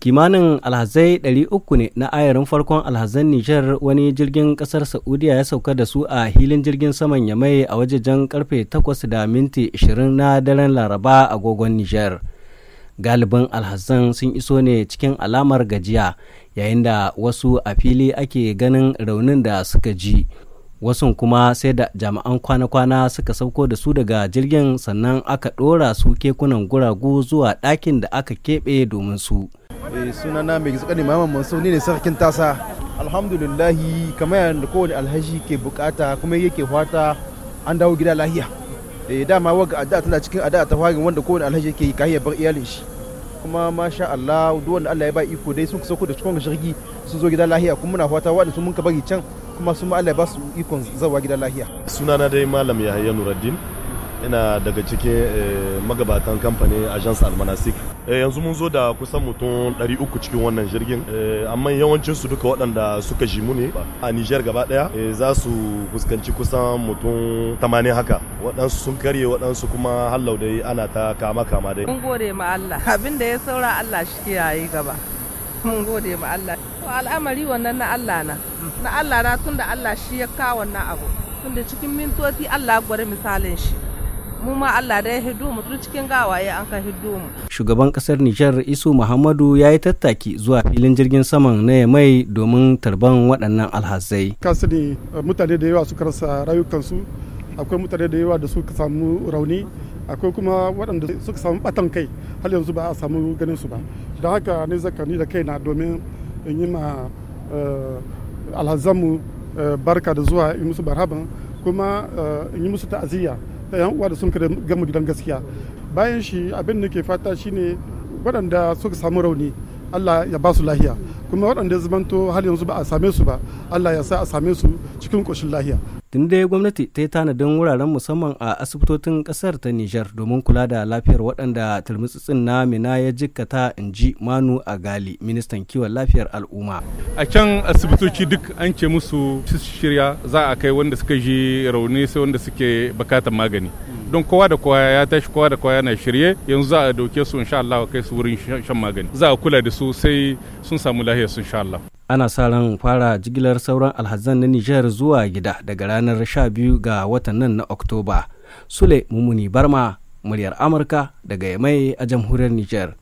kimanin alhazai 300 ne na ayarin farkon alhazan nijar wani jirgin kasar saudiya ya sauka da su a hilin jirgin saman yamai a wajejen karfe 8 da minti 20 na daren laraba a agogon nijar galibin alhazan sun iso ne cikin alamar gajiya yayin da wasu a fili ake ganin raunin da suka ji wasu kuma sai da jami'an kwana-kwana suka sauko da su daga jirgin sannan aka ɗora su kekunan guragu zuwa ɗakin da aka keɓe domin su. suna na mai zuƙa mamman Muhammad Mansur ne sarkin tasa. Alhamdulillahi kamar yadda kowane alhaji ke bukata kuma yake fata an dawo gida lahiya. Da eh, ya dama waga addu'a tana cikin addu'a ta farin wanda kowane alhaji yake yi kahiyar bar iyalin shi. kuma masha Allah duk wanda Allah ya ba iko dai sun ku da cikin shirki, sun zo gida lahiya kuma muna fata waɗanda sun mun ka bari can kuma sun Allah ya ba su ikon zawa gida lahiya sunana dai malam Yahaya Nuruddin ina daga cikin eh, magabatan kamfanin agence almanasik eh, yanzu mun zo da kusan mutum 300 cikin wannan jirgin eh, amma yawancin su duka waɗanda suka ji mu ne a niger gaba daya za su fuskanci kusan mutum 80 haka waɗansu sun karye waɗansu kuma hallau dai ana ta kama kama dai mun gode ma Allah abin da ya saura Allah shi kiyaye gaba mun gode ma Allah to al'amari wannan na Allah na na Allah na tunda Allah shi ya kawo wannan abu tunda cikin mintoci Allah ya misalin shi mu ma Allah da ya hiddu mu cikin gawaye an ka hiddu mu shugaban kasar Nijar Isu Muhammadu ya yi tattaki zuwa filin jirgin saman na mai domin tarban waɗannan alhazai ne eh, mutane da yawa suka rasa rayukansu akwai mutane da yawa da suka samu rauni akwai kuma waɗanda suka samu batan kai har yanzu ba a samu ganin su ba don haka ne zaka ni da kaina domin in yi ma eh, alhazanmu eh, barka da zuwa yi musu barhaban kuma yi musu ta'aziyya yan uwa da sun kada gama gidan gaskiya bayan shi abin da ke fata shine waɗanda suka samu rauni Allah ya ba su lahiya kuma waɗanda zubanto har yanzu ba a same su ba Allah ya sa a same su cikin ƙoshin lahiya tun dai gwamnati ta yi tanadin wuraren musamman a asibitocin kasar ta nijar domin kula da lafiyar waɗanda turmutsutsin na mina ya jikkata in ji manu a gali ministan kiwon lafiyar al'umma a can asibitoci duk an ce musu shirya za a kai wanda suka ji rauni sai wanda suke bukatar magani don kowa da kowa ya tashi kowa da kowa yana shirye yanzu za a dauke su insha Allah kai su wurin shan magani za a kula da su sai sun samu lahiya sun insha Allah ana sa ran fara jigilar sauran alhazan na Nijar zuwa gida daga ranar 12 ga watan nan na Oktoba. Sule Mumuni Barma, muryar Amurka daga Yamai a jamhuriyar Nijar.